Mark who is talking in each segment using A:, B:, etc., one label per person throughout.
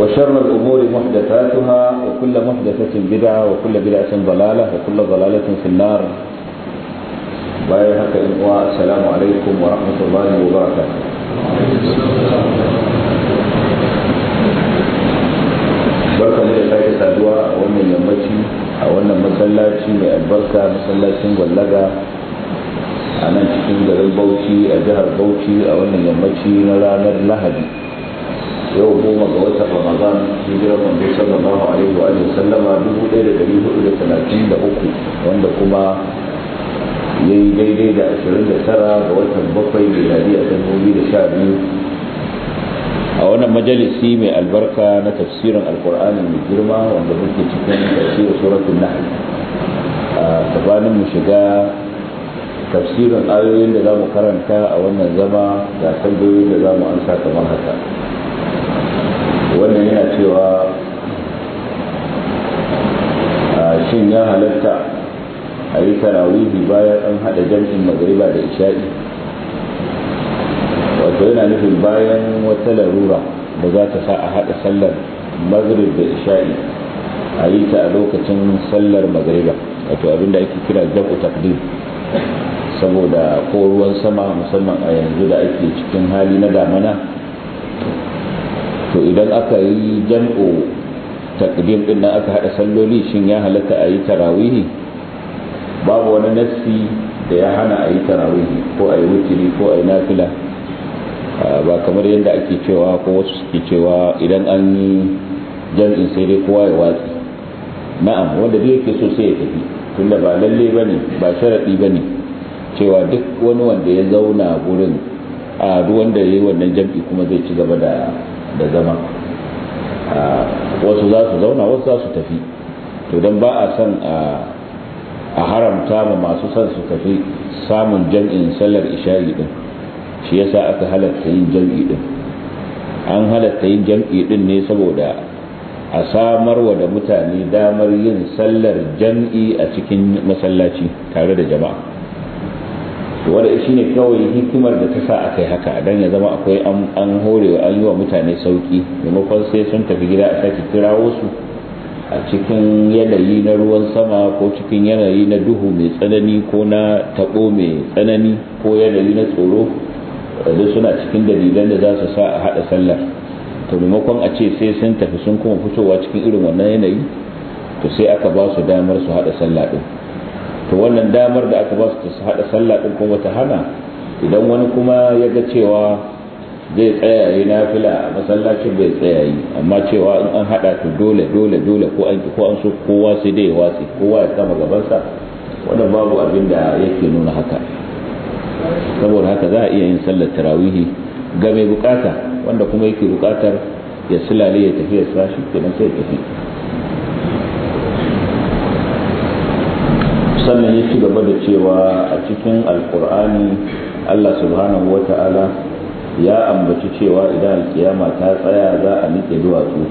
A: وشر الأمور محدثاتها وكل محدثة بدعة وكل بدعة ضلالة وكل ضلالة في النار بايهك السلام عليكم ورحمة الله وبركاته barka ne da sake saduwa a wannan yammaci a wannan masallaci mai albarka masallacin gwallaga a nan cikin garin bauchi a jihar bauchi a wannan yammaci na ranar lahadi yau goma ga watan ramadan hijirar manzo sallallahu alaihi wa alihi sallama dubu da da da hudu 1433 wanda kuma ya yi daidai da da 29 ga watan bakwai da a da sha biyu a wannan majalisi mai albarka na tafsirin alkur'ani mai girma wanda muke cikin tafsirin suratul nahl a gabanin mu shiga tafsirin ayoyin da za mu karanta a wannan zama da tambayoyin da za mu amsa kamar haka wannan yana cewa a ah, shin ya halatta a yi tarawihi bayan an haɗa jam'in magariba da isha'i wato yana nufin bayan wata larura da za ta sa a haɗa sallar magrib da isha'i a yi ta a lokacin sallar magariba wato abinda ake kira jam'u takdim saboda ko ruwan sama musamman a yanzu da ake cikin hali na damana to idan aka yi jam'u takdim din nan aka hada salloli shin ya halatta a yi tarawihi babu wani nassi da ya hana a yi tarawihi ko a yi wutiri ko a yi nafila ba kamar yadda ake cewa ko wasu suke cewa idan an yi jam'in sai dai kowa ya watsi na'am wanda dai yake so sai ya tafi tunda ba lalle bane ba sharadi bane cewa duk wani wanda ya zauna gurin a duk wanda ya yi wannan jam'i kuma zai ci gaba da da zama wasu za su zauna wasu za su tafi to don ba a son a haramta ma masu son su tafi samun jam'in sallar isha'i din shi yasa aka halatta yin jam'i din an halatta yin jam'i din ne saboda a samarwa da mutane damar yin sallar jam'i a cikin masallaci tare da jama'a wanda shi ne kawai hikimar da ta sa akai haka dan ya zama akwai an horewa an yi wa mutane sauki maimakon sai sun tafi gida a sake kirawo su a cikin yanayi na ruwan sama ko cikin yanayi na duhu mai tsanani ko na tabo mai tsanani ko yanayi na tsoro da suna cikin dalilan da za su sa a haɗa sallar to maimakon a ce sai sun tafi sun kuma fitowa cikin irin wannan yanayi to sai aka ba su damar su haɗa sallah ɗin to wannan damar da aka ba su su haɗa sallah din kuma ta hana idan wani kuma ya ga cewa zai tsaya yi nafila a masallacin bai tsaya yi amma cewa in an haɗa to dole dole dole ko an ko an so kowa sai dai ya watsi kowa ya kama gabansa wannan babu abin da yake nuna haka saboda haka za a iya yin sallar tarawihi ga mai bukata wanda kuma yake bukatar ya silale ya tafi ya sashi kenan sai ya tafi sannan ya ci gaba da cewa a cikin alkur'ani allah subhanahu wa ta'ala ya ambaci cewa idan alkiyama ta tsaya za a nike duwatsu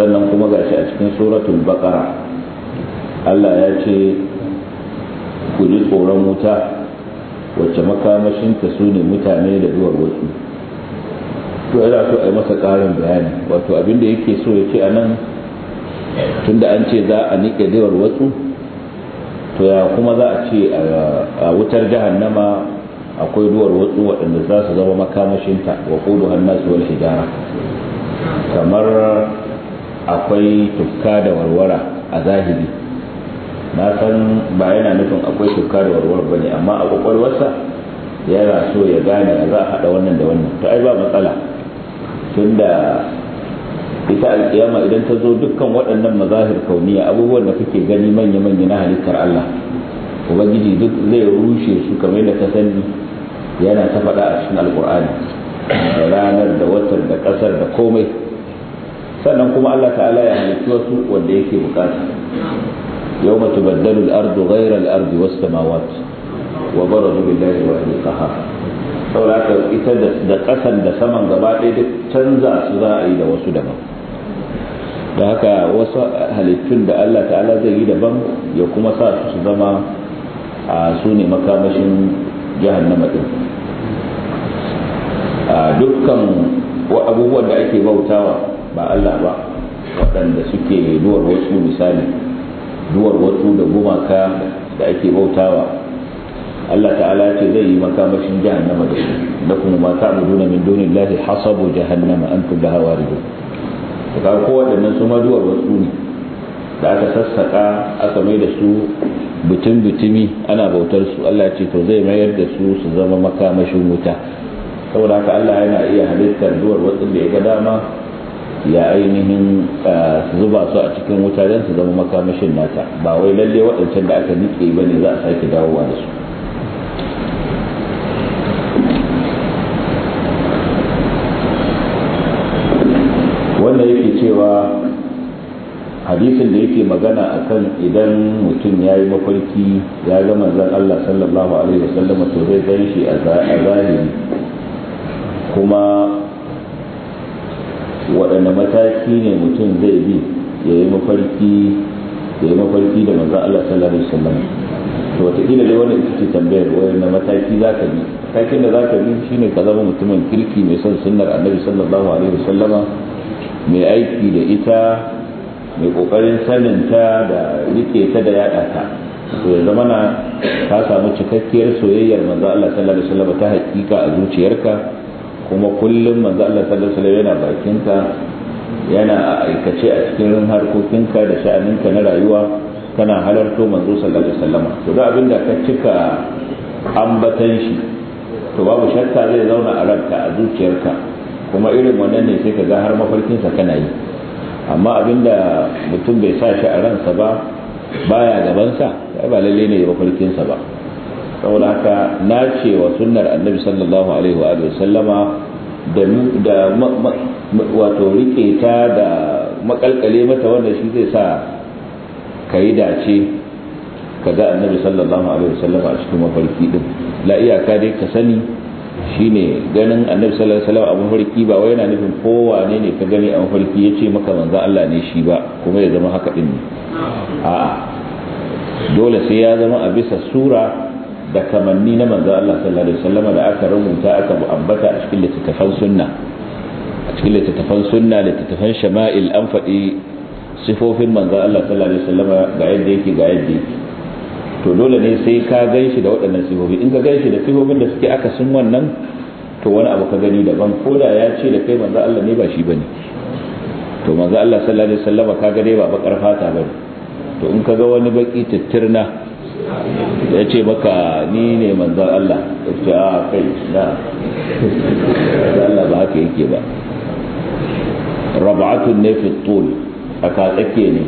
A: sannan kuma gashi a cikin suratul baqara allah ya ce ku ji tsoron wuta wacce makamashinta su ne mutane da duwar wasu to yana so a yi masa ƙarin bayani wato abinda yake so ya ce a nan tunda an ce za a nike duwar wasu to ya kuma za a ce a wutar jahannama akwai duwar wutsu waɗanda za su zama makamashinta wa kudu hannasu wani hijara kamar akwai tufka da warwara a zahiri na san ba yana nufin akwai tufka da warwara ba ne amma a kwakwalwarsa yana so ya gane za a haɗa wannan da wannan to ai ba matsala da. ita alkiyama idan ta zo dukkan waɗannan mazahir kauniya abubuwan da kake gani manya-manya na halittar Allah ubangiji duk zai rushe su kamar da ka sani yana ta faɗa a cikin alkur'ani da ranar da watan da ƙasar da komai sannan kuma Allah ta'ala ya halittu wasu wanda yake bukata yau baddalu al'ardu ghairar al'ardu wasu samawat wa barazu billahi wa qahar sauraka ita da ƙasan da saman gaba ɗaya duk canza su za a yi da wasu daban da haka wasu halittun da Allah ta'ala zai yi daban ya kuma sa su su zama a su ne makamashin jihar ɗin a dukkan abubuwan da ake bautawa ba Allah ba waɗanda suke duwar wasu misali duwar wasu da gumaka da ake bautawa Allah ta'ala ce zai yi makamashin jahannama da shi da kuma ma ta'buduna min dunillahi hasabu jahannama antum laha waridun kowa da nan su ma wasu ne da aka sassaka aka mai da su bitin bitimi ana bautar su Allah ce to zai mayar da su su zama makamashin wuta saboda haka Allah yana iya halittar duwar wasu da ya ga dama ya ainihin su zuba su a cikin wuta don su zama makamashin nata ba wai lalle waɗancan da aka nike ba ne za a sake dawowa da su hadisin da yake magana akan idan mutum ya yi mafarki ya ga manzon Allah sallallahu alaihi wa wasallam to zai gan shi a zahiri kuma waɗanne mataki ne mutum zai bi ya yi mafarki ya yi mafarki da manzon Allah sallallahu alaihi sallam to wataƙila dai wannan ita ce tambayar waɗanne mataki za ka bi matakin da za ka bi shine ka zama mutumin kirki mai son sunnar annabi sallallahu alaihi wasallama mai aiki da ita mai kokarin sanin ta da rike ta da yada ta to yanzu mana ka samu cikakkiyar soyayyar manzo Allah sallallahu alaihi wasallam ta hakika a zuciyarka kuma kullum manzo Allah sallallahu alaihi wasallam yana bakinka yana aikace a cikin harkokinka da sha'aninka na rayuwa kana halarto manzo sallallahu alaihi wasallam to da abin da ka cika ambatan shi to babu shakka zai zauna a ranka a zuciyarka kuma irin wannan ne sai ka ga har mafarkinsa kana yi amma abinda mutum bai sa shi a ransa ba baya gabansa sai ba lalle ne ya sa ba saboda haka na ce wa sunnar annabi sallallahu alaihi wa sallama da wato rike ta da makalkale mata wanda shi zai sa ka yi dace ka ga annabi sallallahu alaihi wa sallama a cikin mafarki din la iyaka dai ka sani shine ganin annabi sallallahu alaihi wasallam a mafarki ba wai yana nufin kowa ne ne ka gani a mafarki yace maka manzo Allah ne shi ba kuma ya zama haka din ne a'a dole sai ya zama a bisa sura da kamanni na manzo Allah sallallahu alaihi wasallam da aka rubuta aka ambata a cikin littattafan sunna a cikin littattafan sunna littattafan shama'il an faɗi sifofin manzo Allah sallallahu alaihi wasallam ga yadda yake ga yadda yake to dole ne sai ka gan shi da waɗannan sihobi in ka gan shi da sihobin da suke aka sun wannan to wani abu ka gani daban ko da ya ce da kai manzo Allah ne ba shi bane to manzo Allah sallallahu alaihi wasallam ka ga dai ba bakar fata bane to in ka ga wani baki tattirna ya ce maka ni ne manzo Allah ya ce a kai na Allah ba haka yake ba rabatun ne fitul aka tsake ne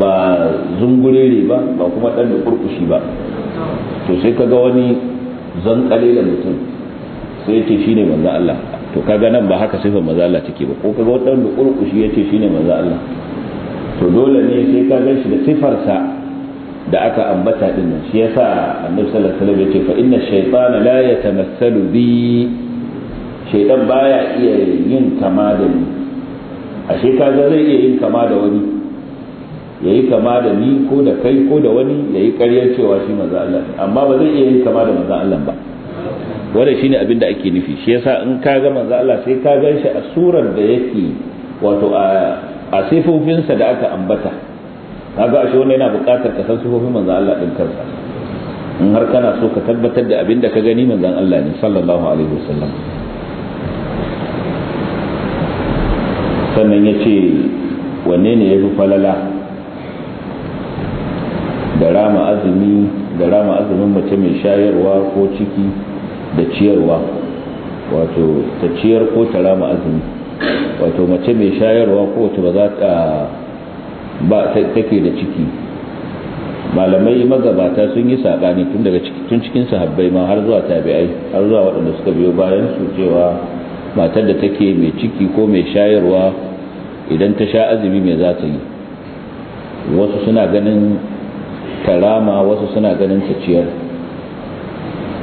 A: ba zungurere ba ba kuma dan da kurkushi ba to sai kaga wani zan kalila mutum sai yace shine manzo Allah to kaga nan ba haka sifar manzo Allah take ba ko kaga wani dan da kurkushi yace shine manzo Allah to dole ne sai ka gan shi da sifarsa da aka ambata din nan shi yasa annabi sallallahu alaihi wasallam yace fa inna shaytana la yatamassalu bi shaytan baya iya yin kama da ni ashe kaga zai iya yin kama da wani ya yi kama da ni ko da kai ko da wani yayi karyar cewa shi maza Allah amma ba zai iya yin kama da maza Allah ba wanda ne abin da ake nufi shi yasa in ka ga maza Allah sai ka gan shi a surar da yake wato a sifofinsa da aka ambata kaga ashe wannan yana buƙatar ka san sifofin maza Allah ɗin kansa in har kana so ka tabbatar da abin da ka gani maza Allah ne sallallahu alaihi wasallam sannan ya ce wanne ne ya fi falala da rama azumi da rama azumin mace mai shayarwa ko ciki da ciyarwa wato ta ciyar ko ta rama azumi wato mace mai shayarwa ko wato ba za ta ba take da ciki malamai magabata sun yi saɓani tun daga tun cikin sahabbai ma har zuwa tabi'ai har zuwa waɗanda suka biyo bayan su cewa matar da take mai ciki ko mai shayarwa idan ta sha azumi mai za ta yi wasu suna ganin ta wasu suna ganin ta ciyar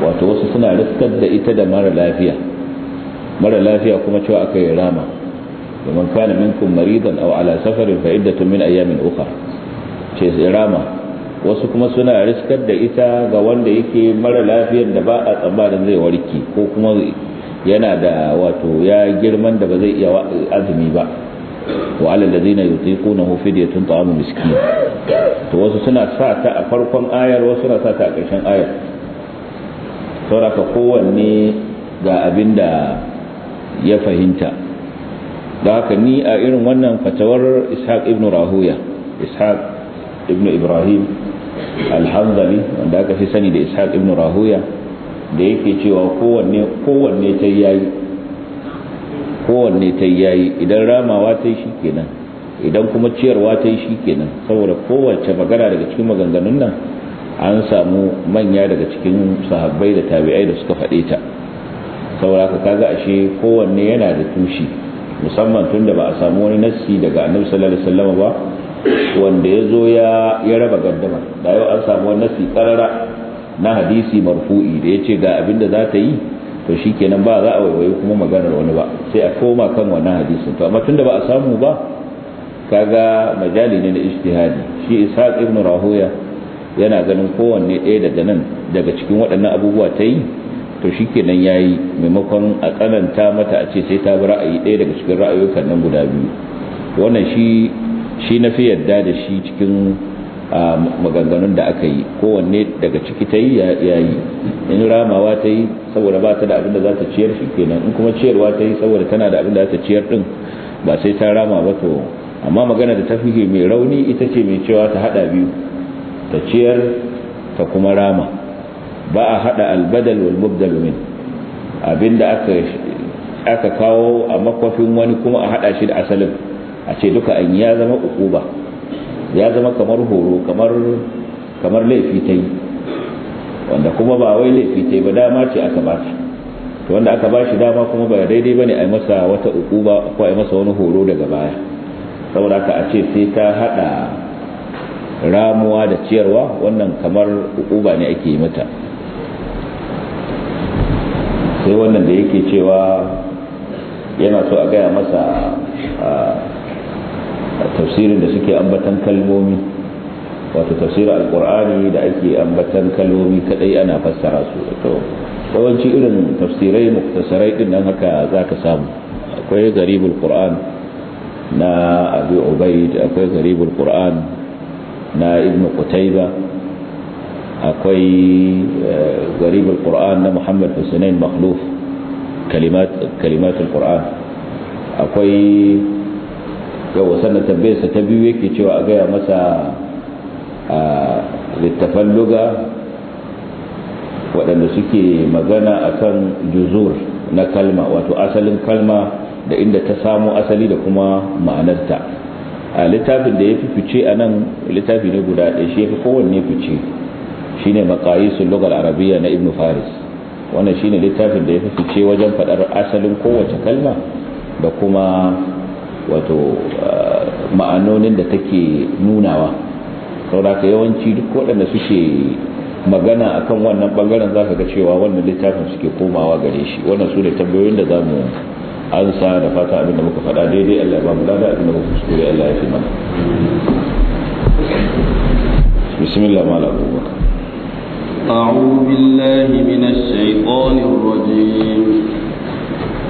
A: wato wasu suna riskar da ita da mara lafiya mara lafiya kuma cewa aka yi rama domin kana minkum maridan aw ala safarin fa iddatun min ayamin ukhra ce rama wasu kuma suna riskar da ita ga wanda yake mara lafiyar da ba a tsammanin zai warke ko kuma yana da wato ya girman da ba zai iya azumi ba na alal da ya fidyatun ta'amu miskin to wasu suna sa ta a farkon ayar wasu suna sa ta a ƙarshen ayar sauraka kowanne ga abin da ya fahimta da haka ni a irin wannan fatawar ishaq ibn rahuya ishaq ibn ibrahim alhamdali wanda aka fi sani da ishaq ibn rahuya da yake cewa kowanne kowanne ta yayi kowanne ta yayi idan ramawa ta yi shi kenan idan kuma ciyarwa ta yi shi kenan saboda kowace magana daga cikin maganganun nan an samu manya daga cikin sahabbai da tabi'ai da suka faɗe ta saboda ka kaga ashe kowanne yana da tushi musamman tun da ba a samu wani nassi daga annabi sallallahu alaihi wasallam ba wanda ya zo ya raba gaddama da yau an samu wani nassi karara na hadisi marfu'i da ya ce ga abin da za ta yi to shi kenan ba za a waiwayi kuma maganar wani ba sai a koma kan wannan hadisin to amma da ba a samu ba kaga majali ne na ijtihadi shi ishaq ibn rahoya yana ganin kowanne ɗaya daga nan daga cikin waɗannan abubuwa ta yi to ya yi maimakon a tsananta mata a ce sai ta bi ra'ayi ɗaya daga cikin ra'ayoyin nan guda biyu wannan shi shi na fi yadda da shi cikin maganganun da aka yi kowanne daga ciki ta yi ya yi in ramawa ta yi saboda ba ta da abin da za ta ciyar shi kenan in kuma ciyarwa ta yi saboda tana da abin da za ta ciyar din ba sai ta rama ba to amma magana da tafiye mai rauni ita ce mai cewa ta hada biyu ta ciyar ta kuma rama ba a hada albadal wal mubdal min abinda aka aka kawo a makwafin wani kuma a hada shi da asalin a ce duka an ya zama ukuba ya zama kamar horo kamar kamar laifi ta yi wanda kuma ba wai laifi ce ba dama ce aka ba shi to wanda aka ba shi dama kuma ba daidai bane a masa wata ukuba ko a masa wani horo daga baya saboda haka a ce sai ta hada ramuwa da ciyarwa wannan kamar ukuba ne ake yi mata sai wannan da yake cewa yana so a gaya masa a tafsirin da suke ambatan kalmomi wato tafsirin alqur'ani da ake ambatan kalomi kadai ana fassara su to kawanci irin tafsirai muktasarai din nan haka zaka samu akwai garibul qur'an na abu ubaid akwai garibul qur'an na ibnu qutayba akwai eh, garibul qur'an na muhammad husainin makhluf kalimat kalimatul qur'an akwai ga wasanna tabbaysa tambayarsa ta biyu yake cewa a gaya masa littafan luga waɗanda suke magana akan juzur na kalma wato asalin kalma da inda ta samo asali da kuma ma'anarta a littafin da ya fi fice a nan littafi ne guda ɗaya shi ya fi kowanne fice shi ne makayisun lugar arabiya na ibn faris wannan shi ne littafin da ya fi fice wajen faɗar asalin kowace kalma da kuma wato ma'anonin da take nunawa sauraka yawanci duk waɗanda suke magana a kan wannan ɓangaren za ka ga cewa wannan littafin suke komawa gare shi wannan su ne tambayoyin da za mu ansa da fata abin da muka faɗa daidai Allah ya ba mu lada abin da muka kuskure Allah ya fi mana bismillah mala abubakar
B: أعوذ بالله من الشيطان الرجيم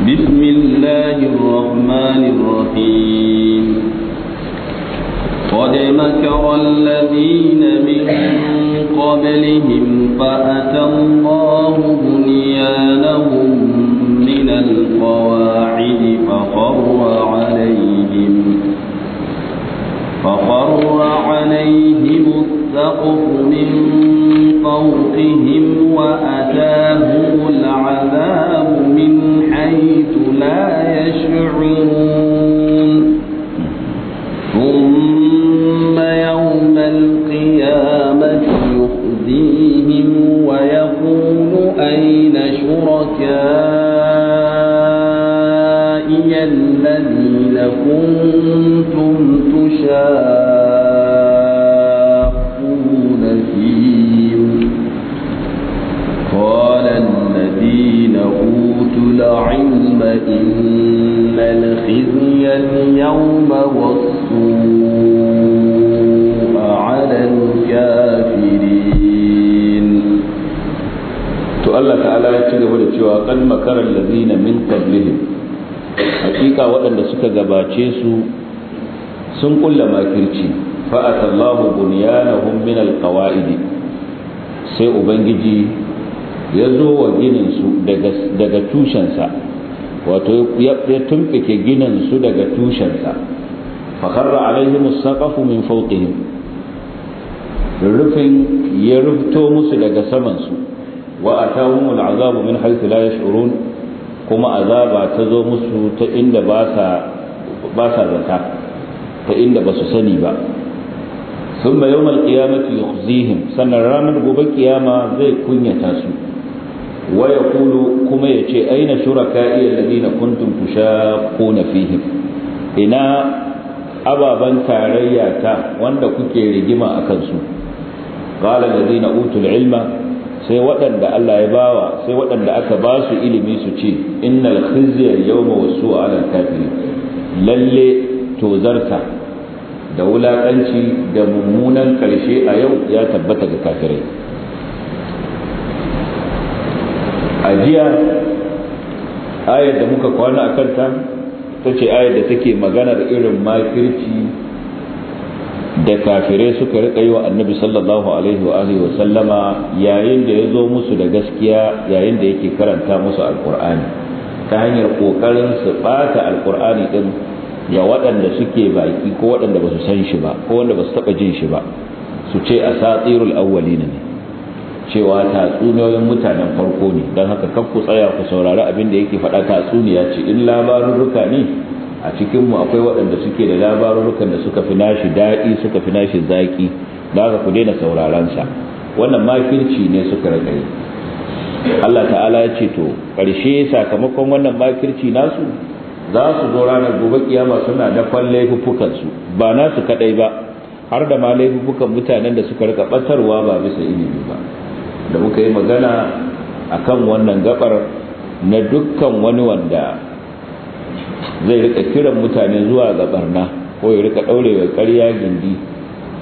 B: بسم الله الرحمن الرحيم قد مكر الذين من قبلهم فأتى الله بنيانهم من القواعد فخر عليهم فخر عليهم السقف من فوقهم وأتاهم العذاب من حيث لا يشعرون شركائي الذين كنتم تشاقون فيهم قال الذين أوتوا العلم إن
A: Allah ta'ala ya ci gaba da cewa kan makarar lazina min qablihim hakika waɗanda suka gabace su sun kulla makirci fa atallahu bunyanahum min alqawaid sai ubangiji ya zo wa ginin su daga daga tushensa wato ya tumfike ginin su daga tushensa fa kharra alaihim as-saqafu min fawqihim rufin ya rufto musu daga su. wa atahumul azabu min haythu la shirun? kuma azaba ta zo musu ta inda ba sa zata ta inda ba su sani ba thumma yawmal qiyamati yukhzihim sannan ranar gobe kiyama zai kunyata su wa kulu kuma ya ce aina kuntun alladhina kuntum na fihim ina ababan tarayya ta wanda kuke rigima a kansu qala alladhina utul ilma sai waɗanda Allah ya bawa sai waɗanda aka ba su ilimi su ce innal khizya yawma wasu ala kafiri lalle tozarta da wulaƙanci da mummunan karshe a yau ya tabbata ga kafirai a jiya ayar da muka kwana a kanta ta ce ayar da take magana da irin makirci da kafire suka riƙa yi wa annabi sallallahu alaihi wa alihi wa sallama yayin da ya zo musu da gaskiya yayin da yake karanta musu alkur'ani ta hanyar ƙoƙarin su bata alkur'ani din ga waɗanda suke baki ko waɗanda ba su san shi ba ko wanda ba su taɓa jin shi ba su ce a satirul awwali ne cewa tatsuniyoyin mutanen farko ne don haka kan ku tsaya ku saurari abin da yake faɗa tatsuniya ce in labarurruka ne a cikinmu akwai waɗanda suke da labarurukan da suka fi nashi daɗi suka fi nashi zaki da ku daina saurarensa wannan makirci ne suka rika yi Allah ta'ala ya ce to ƙarshe sakamakon wannan makirci nasu za su zo ranar gobe kiyama suna da laifukansu su ba nasu kadai ba har da ma laifukan mutanen da suka rika batarwa ba bisa ilimi ba da muka yi magana akan wannan gabar na dukkan wani wanda zai rika kiran mutane zuwa ga barna ko ya rika daure wa ƙarya gindi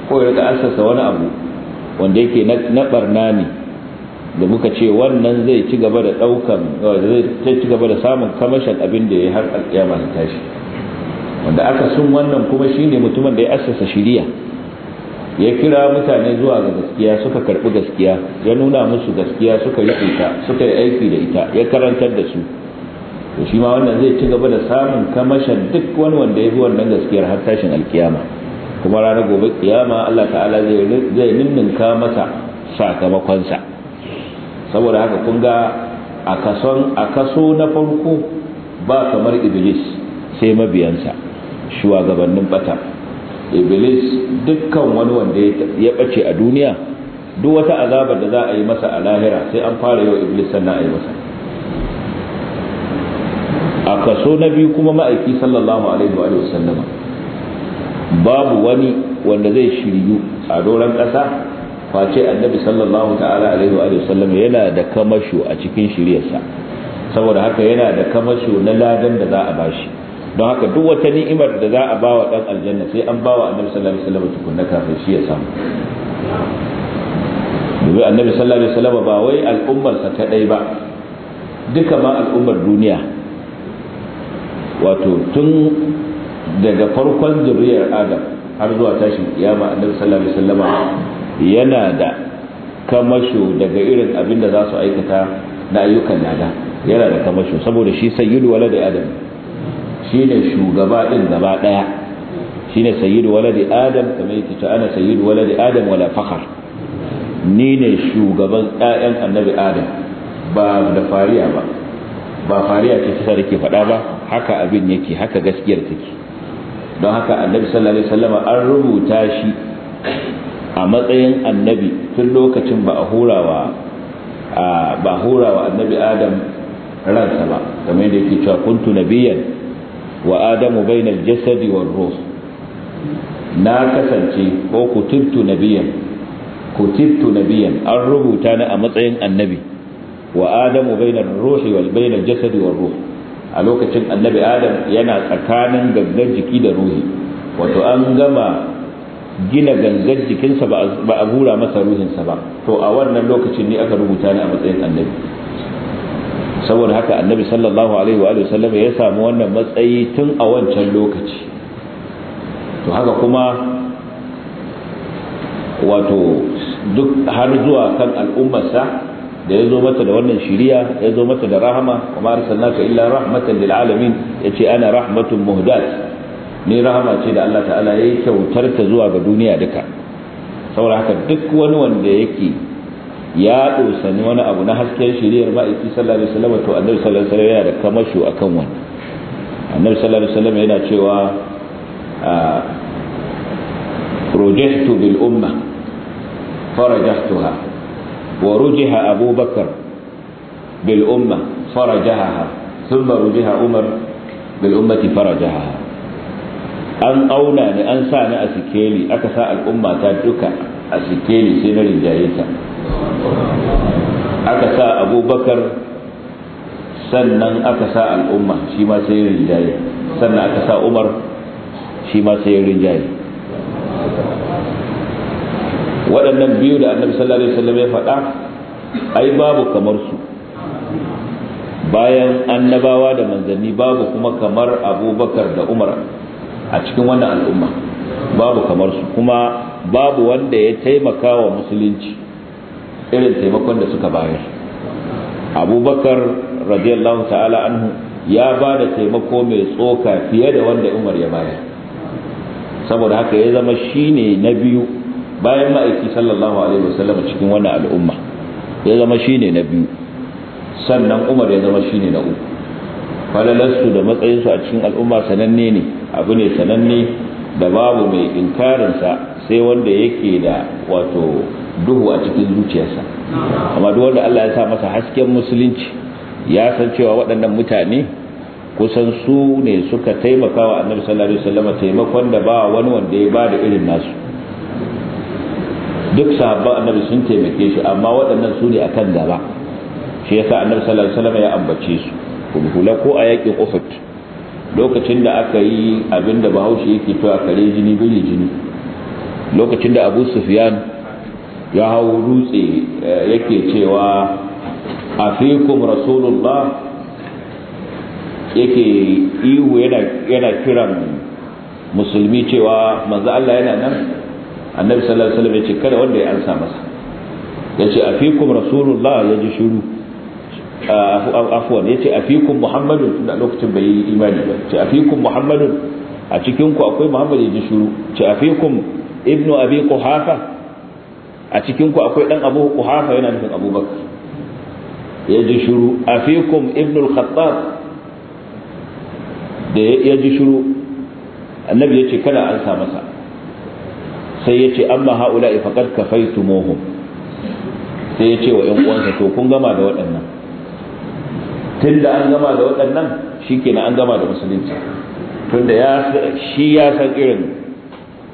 A: ko ya rika asasa wani abu wanda yake na barna ne da muka ce wannan zai ci gaba da daukan zai ci gaba da samun kamashin abin da ya har alƙiyama ta tashi wanda aka sun wannan kuma shine mutumin da ya assasa shiriya ya kira mutane zuwa ga gaskiya suka karbi gaskiya ya nuna musu gaskiya suka rike ta suka yi aiki da ita ya karantar da su to shi ma wannan zai ci gaba da samun kamashin duk wani wanda ya bi wannan gaskiyar har tashin alkiyama kuma ranar gobe kiyama Allah ta'ala zai ninninka masa sakamakonsa saboda haka kun ga a a kaso na farko ba kamar iblis sai mabiyansa shugabannin bata iblis dukkan wani wanda ya bace a duniya duk wata azabar da za a yi masa a lahira sai an fara yi wa iblis sannan a yi masa kaso na biyu kuma ma'aiki sallallahu alaihi wa sallama babu wani wanda zai shiryu a doron ƙasa face annabi sallallahu ta'ala alaihi wa sallama yana da kamasho a cikin shiryarsa saboda haka yana da kamasho na ladan da za a bashi don haka duk wata ni'imar da za a ba wa ɗan aljanna sai an ba wa annabi sallallahu alaihi wa sallama tukunna kafin shi ya samu domin annabi sallallahu alaihi wa sallama ba wai al'ummarsa kaɗai ba duka ma al'ummar duniya wato tun daga farkon zuriyar adam har zuwa tashin kiyama annabi sallallahu alaihi wasallama yana da kamasho daga irin abin da za su aikata na ayyukan nada yana da kamasho saboda shi sayyidu walad adam shine shugaba din gaba daya shine sayyidu walad adam kamar yake ta ana sayyidu walad adam wala fakhar ni ne shugaban ɗayan annabi adam ba da fariya ba ba fariya ce ta da ke faɗa ba haka abin yake haka gaskiyar take don haka annabi sallallahu alaihi wasallam an rubuta shi a matsayin annabi tun lokacin ba a hurawa ba hurawa annabi adam ransa ba kamar yadda yake cewa kuntu nabiyan wa adamu bainal jasadi war ruh na kasance ko kutubtu nabiyan kutibtu nabiyan an rubuta ni a matsayin annabi wa adamu bainar ruhi wal bainar jasadi wal ruh a lokacin annabi adam yana tsakanin gangan jiki da ruhi wato an gama gina gangan jikinsa ba a hura masa ruhinsa ba to a wannan lokacin ne aka rubuta ni a matsayin annabi saboda haka annabi sallallahu alaihi wa sallam ya samu wannan matsayi tun a wancan lokaci to haka kuma wato duk har zuwa kan al'ummarsa da ya zo mata da wannan shiriya ya zo mata da rahama wa ma ka illa rahmatan lil alamin yace ana rahmatun muhdat ni rahama ce da Allah ta'ala yayi kyautar ta zuwa ga duniya duka saboda haka duk wani wanda yake ya dosani wani abu na hasken shiriyar ma'aiki sallallahu alaihi wasallam to annabi sallallahu alaihi wasallam yana da kamasho akan wani annabi sallallahu alaihi wasallam yana cewa rujihtu bil umma farajahtuha ورجح أبو بكر بالأمة فرجعها ثم رجح عمر بالأمة فرجعها an auna ni an sa ni a sikeli aka sa al'umma ta duka a sikeli sai na rinjayeta aka sa abubakar sannan aka sa al'umma shi ma sai rinjaye sannan aka sa umar shi ma sai rinjaye waɗannan biyu da annabi sallallahu alaihi wasallam ya faɗa ai babu kamar su bayan annabawa da manzanni babu kuma kamar abubakar da umar a cikin wannan al'umma babu kamar su kuma babu wanda ya taimaka wa musulunci irin taimakon da suka bayar abubakar radiyallahu ta'ala anhu ya ba da taimako mai tsoka fiye da wanda umar ya bayar saboda haka ya zama shine na biyu bayan ma'aiki sallallahu alaihi wasallam cikin wannan al'umma ya zama shine na biyu sannan umar ya zama shine na uku falalarsu da matsayinsu a cikin al'umma sananne ne abu ne sananne da babu mai inkarinsa sai wanda yake da wato duhu a cikin zuciyarsa amma duk wanda Allah ya sa masa hasken musulunci ya san cewa waɗannan mutane kusan su ne suka taimakawa wa annabi sallallahu alaihi wasallam taimakon da ba wani wanda ya ba da irin nasu duk sahabban annabi sun taimake shi amma waɗannan su ne akan gaba shi yasa annabi sallallahu alaihi ya ambace su kuma hula ko a yakin Uhud lokacin da aka yi abinda Bahaushe yake a kare jini biri jini lokacin da Abu Sufyan ya hau dutse eh, yake cewa a afikum rasulullah yake ihu yana kiran musulmi cewa manzo Allah yana nan annabi sallallahu alaihi wasallam ya ce kada wanda ya ansa masa ya ce afikum rasulullah ya ji shiru afwan ya ce afikum muhammadun da lokacin bai yi imani ba ce afikum muhammadun a cikin ku akwai muhammad ya ji shiru ce afikum ibnu abi quhafa a cikin ku akwai dan abu quhafa yana nufin abubakar ya ji shiru afikum ibnu al-khattab da ya ji shiru annabi ya ce kada an sa masa sai ya ce amma haula faqad kafaitumuhum sai ya ce wa 'yan uwansa to kun gama da waɗannan tun da an gama da waɗannan shikenan an gama da musulunci tunda ya shi ya san irin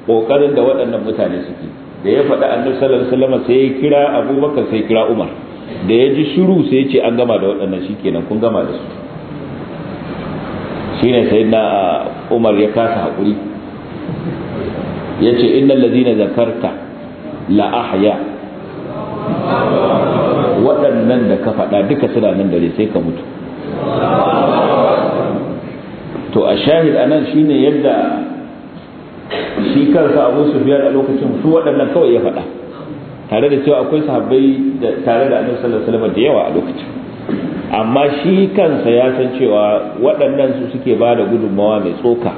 A: kokarin da waɗannan mutane suke da ya faɗi annabi sallallahu alaihi wasallam sai ya kira abubakar sai kira umar da ya ji shiru sai ya ce an gama da waɗannan shikenan kun gama da su shine sai na umar ya kasa haƙuri Ya yace innal ladina zakarta la waɗannan da ka faɗa duka suna nan dare sai ka mutu to a shahid anan shine yadda shi kansa abu su biyar a lokacin su waɗannan kawai ya faɗa tare da cewa akwai sahabbai tare da annabi sallallahu alaihi wasallam da yawa a lokacin amma shi kansa ya san cewa waɗannan su suke ba da gudunmawa mai tsoka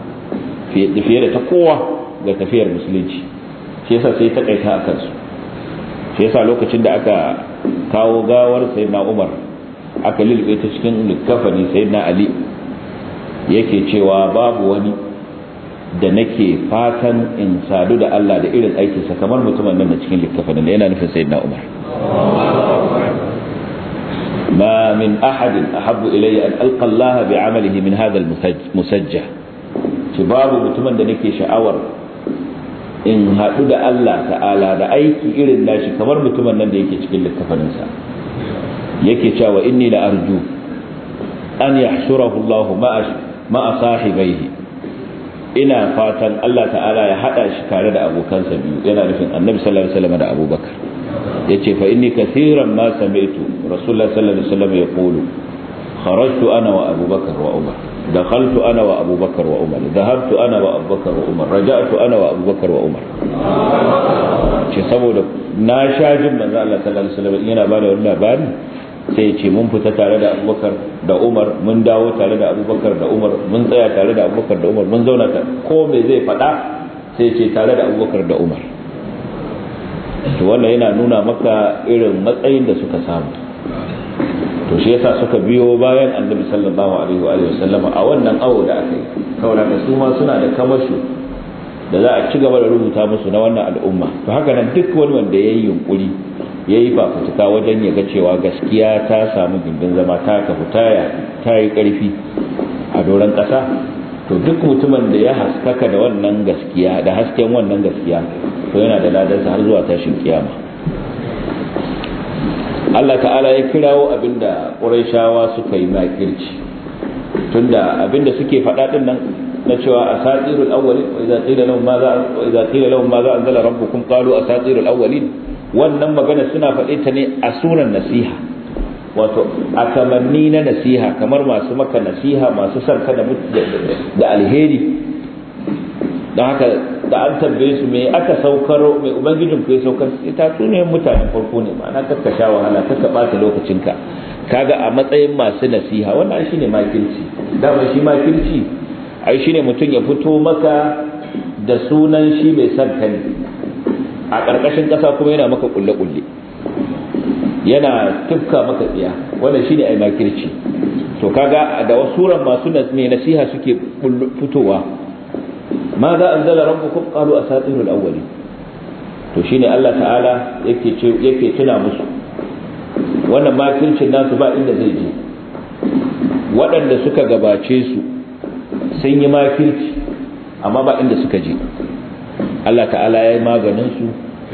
A: fiye da ta kowa ga tafiyar musulunci shi yasa sai ta kaita a kansu shi yasa lokacin da aka kawo gawar sayyidina Umar aka lilbe ta cikin likafani sayyidina Ali yake cewa babu wani da nake fatan in sadu da Allah da irin aikinsa kamar mutumin nan na cikin likkafanin da yana nufin sayyidina Umar ما من أحد أحب إلي أن ألقى الله بعمله من هذا المسجة شباب متمن da nake sha'awar in haɗu da Allah ta'ala da aiki irin nashi kamar mutumin nan da yake cikin littafaninsa yake cewa inni la arju an yahshurahu Allah ma'a sahibaihi ina fatan Allah ta'ala ya haɗa shi tare da abokansa biyu yana nufin annabi sallallahu alaihi wasallam da abubakar yace fa inni kaseeran ma sami'tu rasulullahi sallallahu alaihi wasallam yaqulu kharajtu ana wa abubakar wa umar دخلت أنا وأبو بكر وعمر ذهبت أنا وأبو بكر وعمر رجعت أنا وأبو بكر وعمر ce saboda na sha jin manzo Allah sallallahu alaihi wasallam yana ba bada wannan labari sai ce mun fita tare da Abubakar da Umar mun dawo tare da Abubakar da Umar mun tsaya tare da Abubakar da Umar mun zauna ta ko me zai faɗa sai ce tare da Abubakar da Umar to wannan yana nuna maka irin matsayin da suka samu to shi yasa suka biyo bayan annabi sallallahu alaihi wa alihi sallama a wannan awo da aka yi da su ma suna da kamasu da za a ci gaba da rubuta musu na wannan al'umma to haka nan duk wani wanda yayi yunkuri yayi fafutuka wajen ya ga cewa gaskiya ta samu gindin zama ta kafu taya ta yi ƙarfi a doron ƙasa to duk mutumin da ya haskaka da wannan gaskiya da hasken wannan gaskiya to yana da ladarsa har zuwa tashin kiyama Allah ta'ala ya kirawo abinda ƙuraishawa suka yi makirci tunda abinda suke faɗa nan na cewa a awwalin awali, idza qila ma za wa idza qila lahum ma za anzala wannan magana suna faɗe ta ne a suran nasiha wato a kamanni na nasiha kamar masu maka nasiha masu sarka da alheri don haka da an tambaye su me aka saukar mai ubangijin ku ya saukar sai ta tune mutane farko ne ma'ana kakka sha wahala kakka ɓata lokacinka kaga a matsayin masu nasiha wannan shine makirci dama shi makirci ai shine mutum ya fito maka da sunan shi mai son ka a ƙarƙashin ƙasa kuma yana maka ƙulle-ƙulle yana tufka maka tsiya wannan shine ai makirci to kaga da wasu masu nasiha suke fitowa ma za anzala rabbukum qalu asatirul awwalin to shine Allah ta'ala yake ce yake tuna musu wannan makircin nasu ba inda zai je waɗanda suka gabace su sun yi makirci amma ba inda suka je Allah ta'ala ya yi maganin su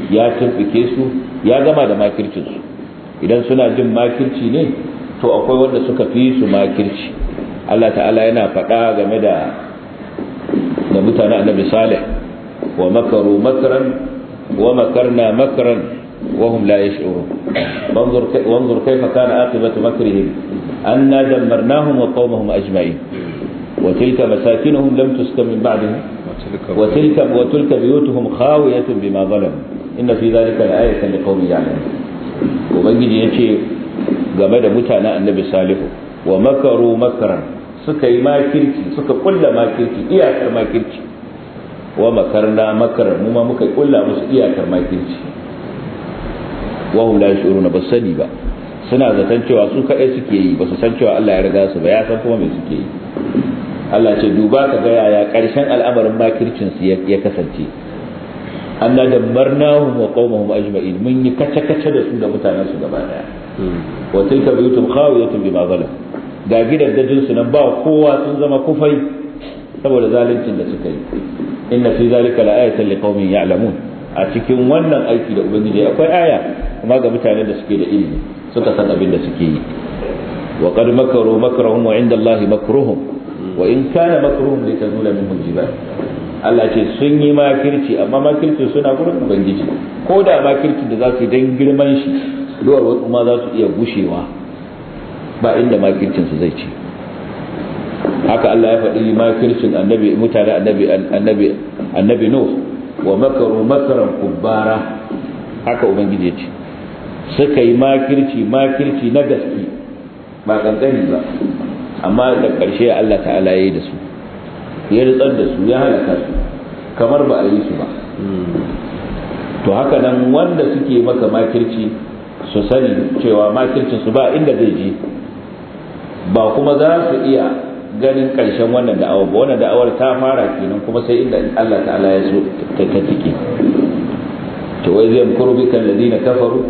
A: ya tumfike su ya gama da makircin su idan suna jin makirci ne to akwai wanda suka fi su makirci Allah ta'ala yana faɗa game da da mutane annabi salih wa makaru makran wa makarna makran wa hum la yash'urun wanzur kayfa kana aqibatu makrihim anna dammarnahum wa qawmahum ajma'in wa tilka masakinuhum lam tuskan min ba'dihim wa tilka wa tilka biyutuhum khawiyatun bima zalamu inna fi dhalika la'ayatan liqaumin ya'lamun ubangiji yace game da mutane annabi salihu wa makaru makran suka yi makirci suka kulla makirci iyakar makirci wa makarna makar mu ma muka kulla musu iyakar makirci wa hum la yashuruna bas sani ba suna zaton cewa su kadai suke yi ba su san cewa Allah ya riga su ba ya san kuma me suke yi Allah ce duba ka ga yaya karshen al'amarin makircin su ya kasance anna dammarnahum wa qaumahum ajma'in mun yi kace kace da su da mutanen su gaba daya hmm. wa tilka buyutum khawiyatun bima zalam ga gidaddajin su nan ba kowa sun zama kufai saboda zaluncin da suka yi inna fi zalika la'ayatan liqaumin ya'lamun a cikin wannan aiki da ubangiji akwai aya kuma ga mutanen da suke da ilimi suka san abin da suke yi wa qad makaru makruhum wa inda Allah makruhum wa in kana makruhum litazula minhu jibal Allah ce sun yi makirci amma makirci suna gurin ubangiji ko da makirci da za su yi dan girman shi duwar wasu ma za su iya gushewa ba inda makircinsu zai ce haka Allah ya faɗi makircin annabi mutane annabi annabi annabi nuh wa makaru makaran kubbara haka ubangiji ya ce suka yi makirci makirci na gaske ba kankani ba amma da ƙarshe Allah ta'ala ya yi da su ya rutsar da su ya halaka su kamar ba a yi su ba to haka nan wanda suke maka makirci su sani cewa makircin su ba inda zai je ba kuma za su iya ganin ƙarshen wannan da'awar ba wannan da'awar ta fara kenan kuma sai inda Allah ta'ala ya so ta tike to wai zai mkuru bika alladhina kafaru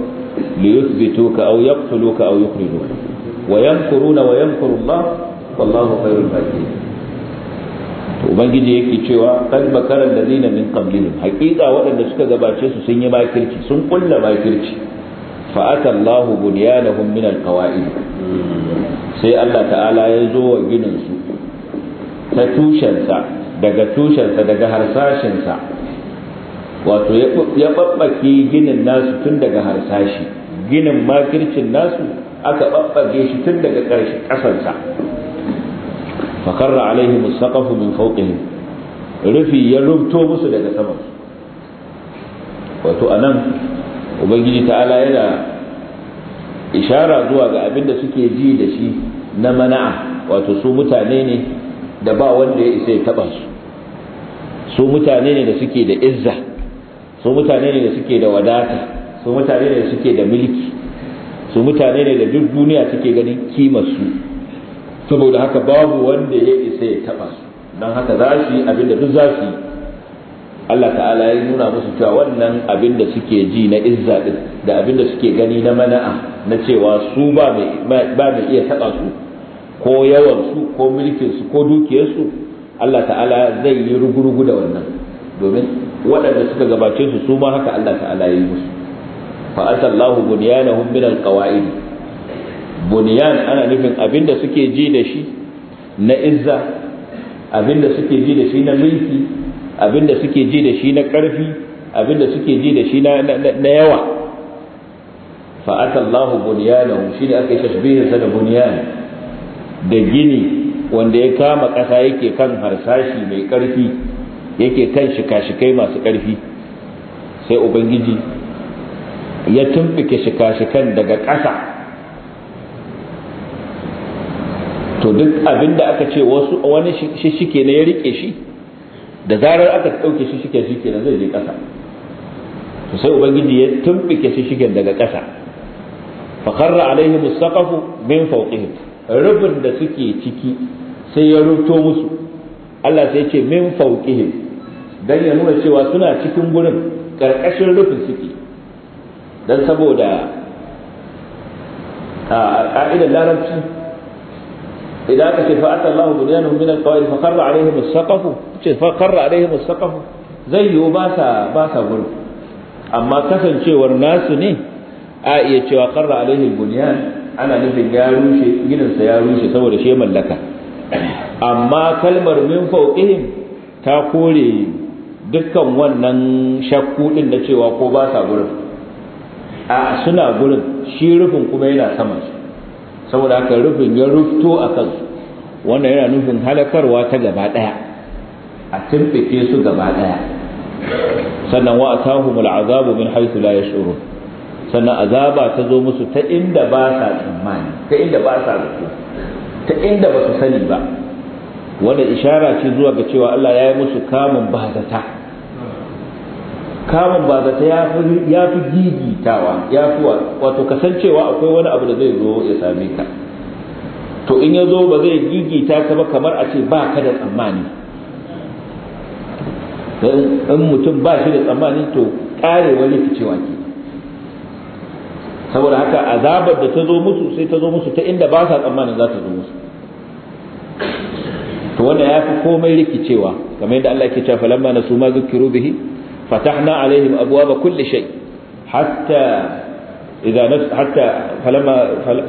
A: li yuthbituka aw yaqtuluka aw yukhrijuka wa yamkuruna wa yamkuru Allah wallahu khairul makirin to ubangiji yake cewa qad bakara alladhina min qablihim haqiqa waɗanda suka gabace su sun yi makirci sun kulla makirci fa atallahu bunyanahum min alqawaid sai Allah ta'ala ya zo wa ginin su ta tushensa daga tushensa daga harsashinsa wato ya babbake ginin nasu tun daga harsashi ginin makircin nasu aka babbake shi tun daga ƙarshen ƙasansa fakarra alaihi saqafu min fawqihim rufi ya rubto musu daga saman wato anan ubangiji ta'ala yana ishara zuwa ga abin da suke ji da shi na mana'a wato su mutane ne da ba wanda ya isa ya taba su su mutane ne da suke da izza su mutane ne da suke da wadata su mutane ne da suke da mulki su mutane ne da duk duniya suke ganin kimar su saboda haka babu wanda ya isa ya taba su don haka za su yi abin da duk za su yi Allah ta'ala ya nuna musu cewa wannan abin da suke ji na izza din da abin da suke gani na mana'a na cewa su ba mai iya taɓa su ko yawan su ko mulkin su ko dukiyar su Allah ta'ala zai yi rugurugu da wannan domin waɗanda suka gabace su su ma haka Allah ta'ala ya yi musu fa asallahu bunyanahum min alqawaid bunyan ana nufin abin da suke ji da shi na izza abin da suke ji da shi na mulki abinda suke ji da shi na ƙarfi abinda suke ji da shi na yawa fa'ata Allahu bunyanahu shi ne aka yi sa da bunyan da gini wanda ya kama ƙasa yake kan harsashi mai ƙarfi yake kan shika-shikai masu ƙarfi sai ubangiji ya tumɓuke shika-shikan daga ƙasa to duk abinda aka ce wasu wani shishike ne ya rike shi da zarar aka ɗauke shi shike shi kenan zai je ƙasa to sai ubangiji ya tumbike shi daga ƙasa fa qarra alaihim as-saqafu min fawqihim rubun da suke ciki sai ya ruto musu Allah sai ya ce min fawqihim dan ya nuna cewa suna cikin gurin karkashin rufin suke dan saboda a ka'idar
C: larabci
A: idan aka ce fa ata Allahu bunyanu min al-qawaid fa qarra alaihim as-saqaf ce fa qarra alaihim as-saqaf zai yiwu ba sa ba sa gurbi amma kasancewar nasu ne a iya cewa qarra alaihim bunyan ana nufin ya rushe sa ya rushe saboda shi mallaka amma kalmar min fawqihim ta kore dukkan wannan shakku din da cewa ko ba sa gurbi a suna gurbi shi rufin kuma yana saman saboda haka rufin ya rufto a kansu wannan yana nufin halakarwa ta gaba ɗaya a tumɓuke su gaba ɗaya sannan wa atahumul azabu min haythu la yash'urun sannan azaba ta zo musu ta inda ba sa tsammani ta inda ba sa zato ta inda ba su sani ba wanda ishara ce zuwa ga cewa Allah ya yi musu kamun ba-zata. kamun Babata ya fi gigitawa ya fi wato kasancewa akwai wani abu da zai zo ya same ka to in ya zo ba zai gigita ka ba kamar a ce ba ka da tsammani in mutum ba shi da tsammani to wani rikicewa ke saboda haka azabar da ta zo musu sai ta zo musu ta inda ba sa tsammanin za ta zo musu to wanda ya fi komai rikicewa kamar yadda Allah ke cewa falamma nasu ma zukiru bihi فتحنا عليهم أبواب كل شيء حتى إذا نس حتى فلما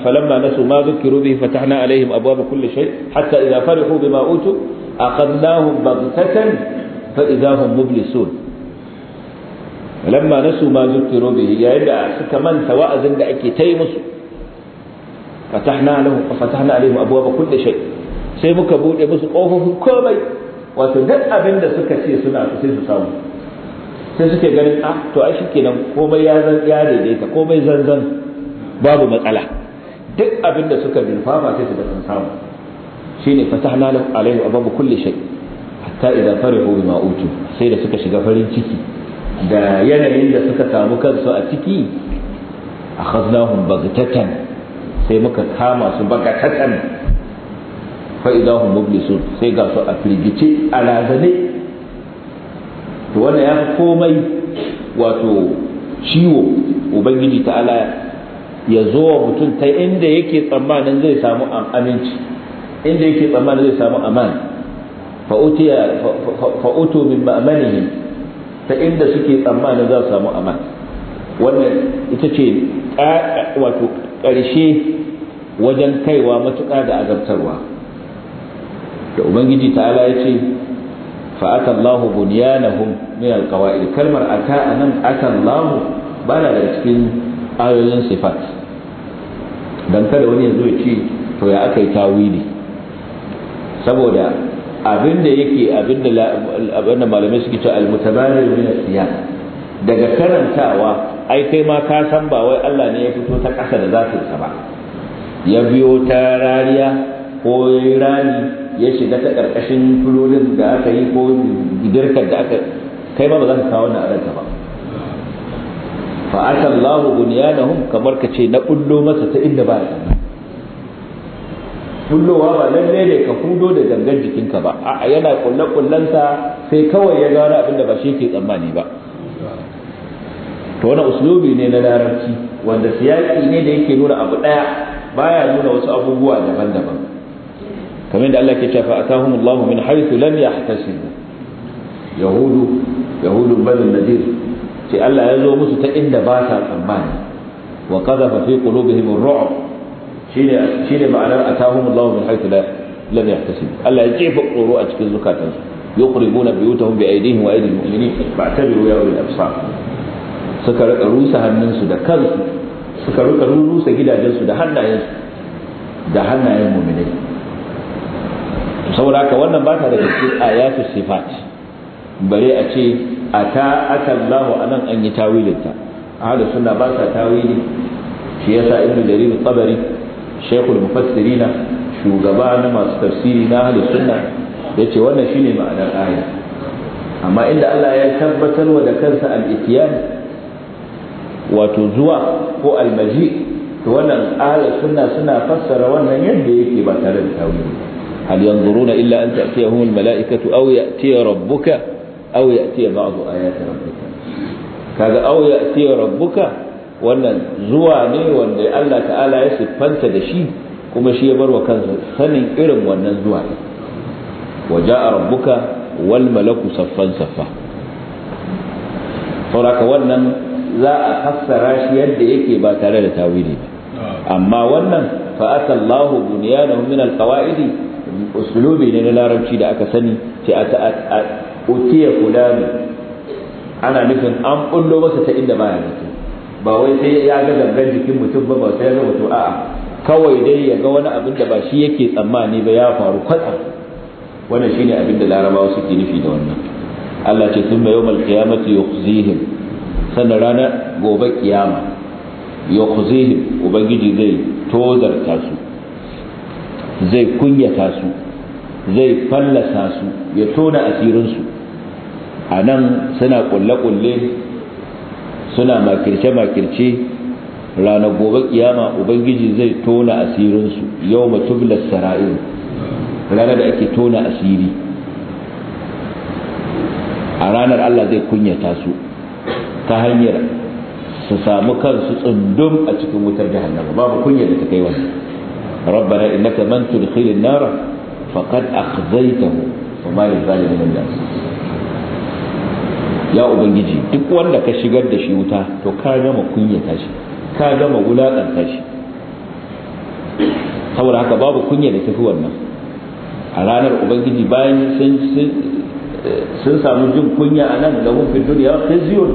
A: فلما نسوا ما ذكروا به فتحنا عليهم أبواب كل شيء حتى إذا فرحوا بما أوتوا أخذناهم بغتة فإذا هم مبلسون لما نسوا ما ذكروا به يا إلا كمان سواء زند تيمس فتحنا لهم فتحنا عليهم أبواب كل شيء سيبك muka buɗe musu ƙofofin komai wato duk abin da sai suke ganin a ah, to ai kenan komai ya zan ya daidaita komai zanzan babu matsala duk abin da suka dirfafa sai su da sun samu shine fatahna lahum alaihi babu kulli shay hatta idza farihu bima utu sai da suka shiga farin ciki da yanayin da suka samu kansu a ciki akhadnahum baghtatan sai muka kama su baghtatan fa idza mublisun sai ga su a firgice a razane to wannan ya fi komai wato ciwo ubangiji ta'ala ya zo wa mutum ta inda yake tsammanin zai samu aminci inda yake tsammanin zai samu aman fa'uto min ma'amanihim ta inda suke tsammanin za su samu aman wannan ita ce wato ƙarshe wajen kaiwa matuƙa da azabtarwa da ubangiji ta'ala ya ce fa ata Allah bunyanahum min alqawaid kalmar nan anan ata ba bala da cikin ayoyin sifat dan kada wani yanzu ce to ya aka yi tawili saboda abin da yake abin da abin da malamai suke cewa almutabalil min asiyas daga karantawa ai kai ma ka san ba wai Allah ne ya fito ta ƙasa da zatin sa ba ya biyo ta rariya ko rani ya shiga ta karkashin furorin da aka yi ko girkar da aka kai ba ba za ka kawo na aranta ba fa aka Allahu bunyanahum kamar ka ce na ƙullo masa ta inda ba ya kullowa ba lalle ne ka hudo da gangan jikinka ba a'a yana kulle kullansa sai kawai ya gano abin ba shi ke tsammani ba to wani uslubi ne na larabci wanda siyaki ne da yake nuna abu daya baya nuna wasu abubuwa daban-daban kamar da Allah ke cewa atahum Allah min haythu lam yahtasibu yahudu yahudu bal nadir sai Allah ya zo musu ta inda ba ta tsammani wa qadhafa fi qulubihim ar-ru'b shine shine ma'anar atahum Allah min haythu lam yahtasibu Allah ya jefa tsoro a cikin zukatansu yuqribuna biyutahum bi aydihim wa aydil mu'minin fa'tabiru ya ulil absar suka rika rusa hannunsu da kansu suka rika rusa gidajensu da hannayensu da hannayen mu'minai saboda haka wannan ba ta daga cikin ayatu sifat bare a ce a ta ata akallahu anan an yi tawilinta ahlu sunna ba ta tawili shi yasa ibnu jarir tabari shaykhul mufassirina shugaba na masu tafsiri na ahlu sunna yace wannan shine ma'anar aya amma inda Allah ya tabbatar wa da kansa al-ittiyan wato zuwa ko al-maji to wannan ahlu sunna suna fassara wannan yadda yake ba tare da tawili hal yanzuruna illa an ta'tiyahum al mala'ikatu aw ya'tiya rabbuka aw ya'tiya ba'du ayati rabbika kaga aw ya'tiya rabbuka wannan zuwa ne wanda Allah ta'ala ya siffanta da shi kuma shi ya bar wa kansa sanin irin wannan zuwa waje wa ja'a rabbuka wal malaku saffan saffa sauraka wannan za a fassara shi yadda yake ba tare da tawili amma wannan fa asallahu da min alqawaidi usulubi ne na larabci da aka sani ce a utiya fulani ana nufin an bullo masa ta inda baya mutum. ba wai sai ya ga gangan jikin mutum ba ba sai ya ga a'a kawai dai ya ga wani abin da ba shi yake tsammani ba ya faru kwatsam wannan shine abin da larabawa suke nufi da wannan Allah ce thumma yawmal qiyamati yukhzihim sannan ranar gobe kiyama yukhzihim ubangiji zai tozarta su zai kunyata su zai fallasa su ya tona asirinsu a nan suna kulle-kulle suna makirce-makirce ranar gobe kiyama ubangiji zai tona asirinsu yau matublar sara'ir ranar da ake tona asiri a ranar allah zai kunyata su ta hanyar su samu kansu tsundum a cikin wutar jahannama babu kunya da ta kai wannan ربنا إنك من تدخل النار فقد أخزيته وما للظالمين من الناس ya ubangiji duk wanda ka shigar da shi wuta to ka gama kunyata shi ka gama wulaƙanta shi saboda haka babu kunya da tafi wannan a ranar ubangiji bayan sun samu jin kunya a nan da fi duniya khizyun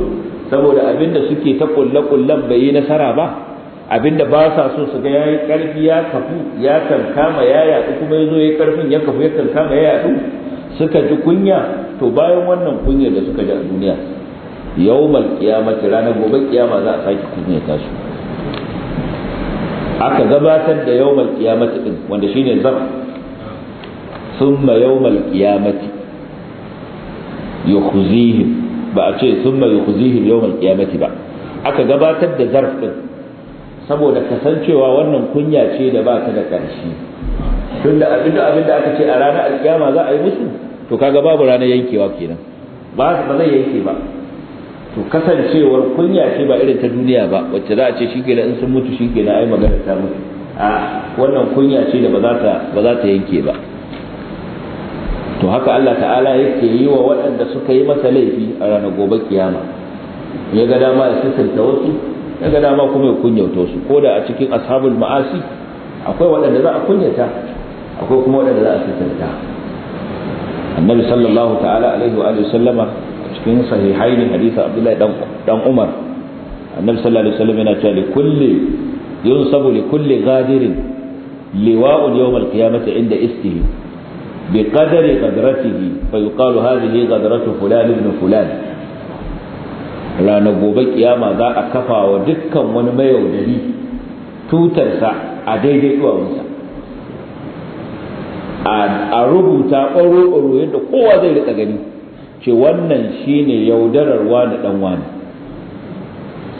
A: saboda abinda suke ta kulle kullen bai yi nasara ba abinda ba sa so su ga yayi karfi ya kafu ya kankama ya yaɗu kuma yazo yayi karfin ya kafu ya kankama ya yaɗu suka ji kunya to bayan wannan kunya da suka ji a duniya yawmal qiyamati ranar gobe kiyama za a saki kunya ta su aka gabatar da yawmal qiyamati din wanda shine zab thumma yawmal qiyamati yukhzihim ba a ce thumma yukhzihim yawmal qiyamati ba aka gabatar da zarf din saboda kasancewa wannan kunya ce da ba ta da ƙarshe
C: tunda abin da abin da aka ce a ranar
A: alkiyama za a yi musu to kaga babu ranar yankewa kenan ba ba zai yanke ba to kasancewar kunya ce ba irin ta duniya ba wacce za a ce shikenan in sun mutu shikenan ai magana ta mutu a wannan kunya ce da ba za ta ba za ta yanke ba to haka Allah ta'ala yake yi wa waɗanda suka yi masa laifi a ranar gobe kiyama ya ga dama ya sisanta wasu daga dama kuma ya kunyauto su ko da a cikin ashabul ma'asi akwai waɗanda za a kunyata akwai kuma waɗanda za a sitarta annabi sallallahu ta'ala alaihi wa alihi sallama cikin sahihaini hadisi abdullahi dan umar annabi sallallahu alaihi wasallam yana cewa li kulli yunsabu li kulli ghadirin liwa'u yawm al-qiyamati inda istihi bi qadari ghadratihi fa yuqalu hadhihi ghadratu fulan ibn fulan ranar gobe kiyama za a kafa wa dukkan wani mayaudari tutarsa a daidai duwawunsa a rubuta ɓaro da yadda kowa zai rika gani ce wannan shi ne yaudararwa wani ɗan wani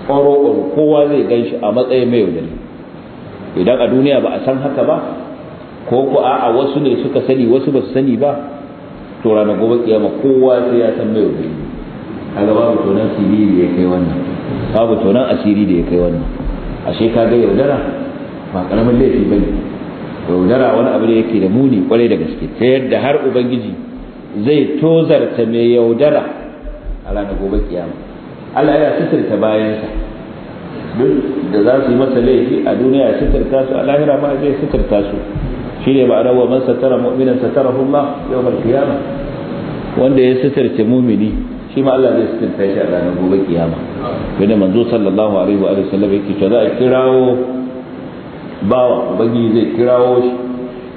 A: ɓaro kowa zai gan shi a matsayin mayaudari idan a duniya ba a san haka ba ko ku a wasu ne suka sani wasu ba su sani ba to ranar gobe kiyama kowa sai ya san mayaudari kaga babu tonan asiri da ya kai wannan babu tonan asiri da ya kai wannan ashe ka ga yaudara ba karamin laifi bane yaudara wani abu ne yake da muni kwarai da gaske ta yadda har ubangiji zai tozarta mai yaudara a ranar gobe kiyama Allah ya sitirta bayansa duk da za su yi masa laifi a duniya ya sitirta su a lahira ma zai sitirta su shi ne ma'anar wa man satara mu'minan satara humma yau kiyama wanda ya sitirce mumini shi ma Allah zai sutunta shi a ranar gobe kiyama wanda manzo sallallahu alaihi wa sallam yake cewa za a kirawo bawa ubangiji zai kirawo shi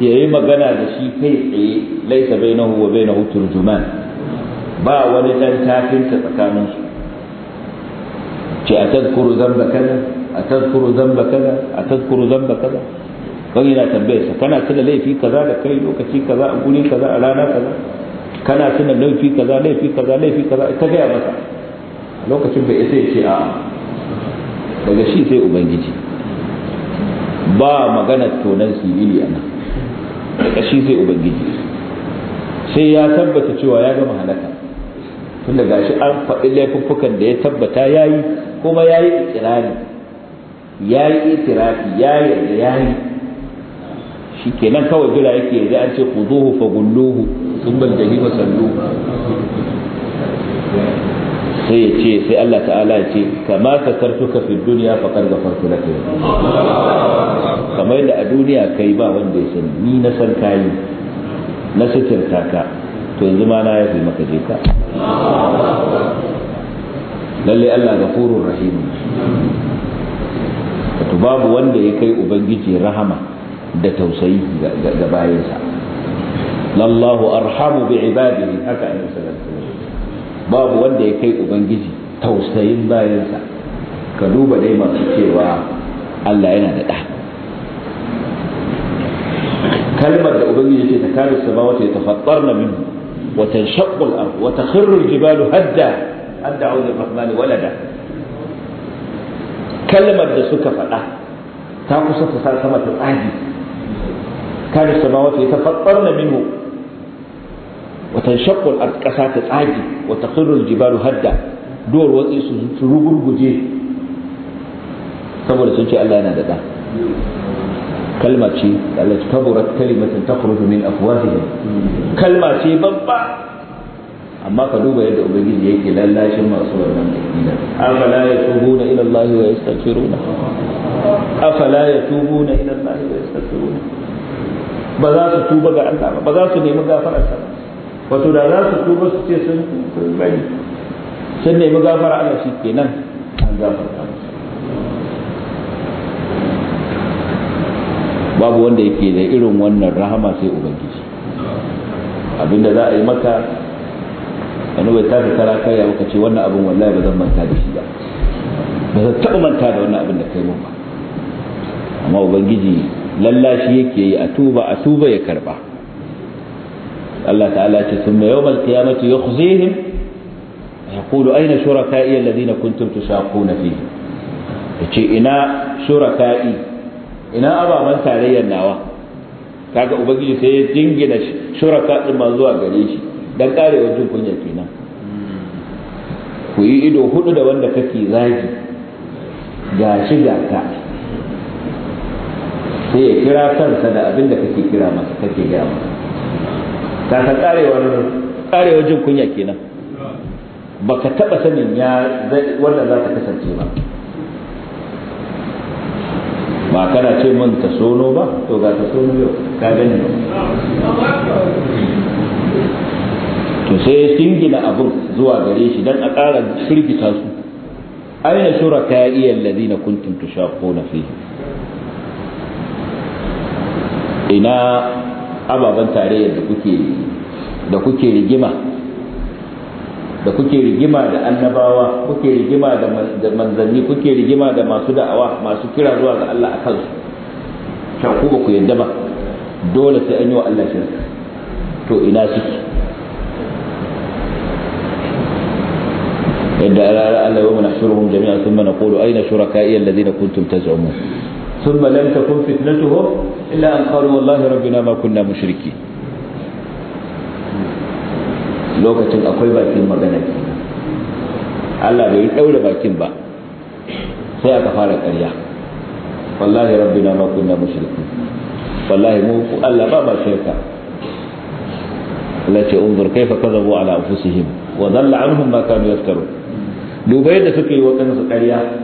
A: Ya yi magana da shi kai tsaye laisa bainahu na bainahu turjuman ba wani dan tafinta tsakanin su ce a tazkuru zamba kaza a tazkuru zamba kaza a tazkuru zamba kaza kan yana tambayarsa kana tuna laifi kaza da kai lokaci kaza a guri kaza a rana kaza kana tuna laifi kaza laifi kaza laifi kaza ka gaya masa lokacin bai ya ce a daga shi sai ubangiji ba magana tonan sibili ana daga shi sai ubangiji sai ya tabbata cewa ya gama halaka tun da gashi an faɗi laifuffukan da ya tabbata ya yi kuma ya yi ikirari ya yi itirafi ya yi ya yi shi kenan kawai jira yake yanzu an ce ku zuhu fa gulluhu sun bal jahima sallu sai ya ce sai Allah ta'ala ya ce kama ka kartuka fi duniya faƙar ga farko na kai kamar da a duniya kai ba wanda ya san ni na san kayi na sitirta ka to yanzu ma na ya fi maka je ka lalle Allah gafurur rahim to babu wanda ya kai ubangiji rahama da tausayi ga bayansa الله أرحم بعباده هكا أن باب وان دي كي أبنجزي توسين با ينسى كدوب ديما تكي وا الله ينا ندا كلمة أبنجي أبنجزي تتكار السماوات يتفطرن منه وتنشق الأرض وتخر الجبال هدى هدى عوذ الرحمن ولدا كلمة سكة فلا تاكو ستسال سمات الآجي كان السماوات يتفطرن منه wa tanshaqqu ƙasa ta tsage wa taqirru al-jibalu hadda duwar watsi su rugurguje saboda sun ce Allah yana da da kalma ce Allah ta kaburat kalimatan takhruju min afwahihim kalma ce babba amma ka duba yadda ubangiji yake lallashin masu wannan aqida afala yatubuna ila Allah ba za su tuba ga Allah ba ba za su nemi gafararsa ba wato da za su tuba su ce sun bai sun nemi gafara ana shi kenan an gafarta musu babu wanda yake da irin wannan rahama sai ubangiji abinda za a yi maka wani bai tafi kara ya muka ce wannan abin wallahi ba zan manta da shi ba ba zan taɓa manta da wannan abin da kai mun ba amma ubangiji lallashi yake yi a tuba a tuba ya karba Allah ta'ala ce thumma yawmal qiyamati yukhzihim yaqulu aina shuraka'i alladhina kuntum tushaquna fihi yace ina shuraka'i ina ababan tarayyar nawa kaga ubangiji sai ya jingina shuraka din ma zuwa gare shi dan karewar jin kunya kenan ku yi ido hudu da wanda kake zagi ga shi ga sai ya kira kansa da abin da kake kira masa kake gaya ka san ne karewa jin kunya kenan baka taba sanin ya wannan za ta kasance ba ba kana ce min ta sono ba to ga ta sono yau ka gani to sai ya gina abun zuwa gare shi dan a ƙara firgita su aina shura ka iya lalazi na kuntum tushaquna fi. ina ababen tarayyar da kuke da kuke rigima da kuke rigima da annabawa kuke rigima da manzanni kuke rigima da masu da'awa masu kira zuwa ga Allah a kansu shan ku ba ku yadda ba dole sai an yi wa Allah shirka to ina suke yadda Allah ala wa mana shuruhum jami'an thumma naqulu ayna shuraka'i alladhina kuntum taz'umun ثم لم تكن فتنتهم إلا أن قالوا والله ربنا ما كنا مشركين lokacin akwai bakin magana Allah bai daure bakin ba sai aka fara ƙarya wallahi rabbina ma kunna mushriki wallahi mu Allah ba ba shirka Allah ce unzur kaifa kadabu ala anfusihim wa dhalla anhum ma kanu yaftaru dubai da suke yi wannan su ƙarya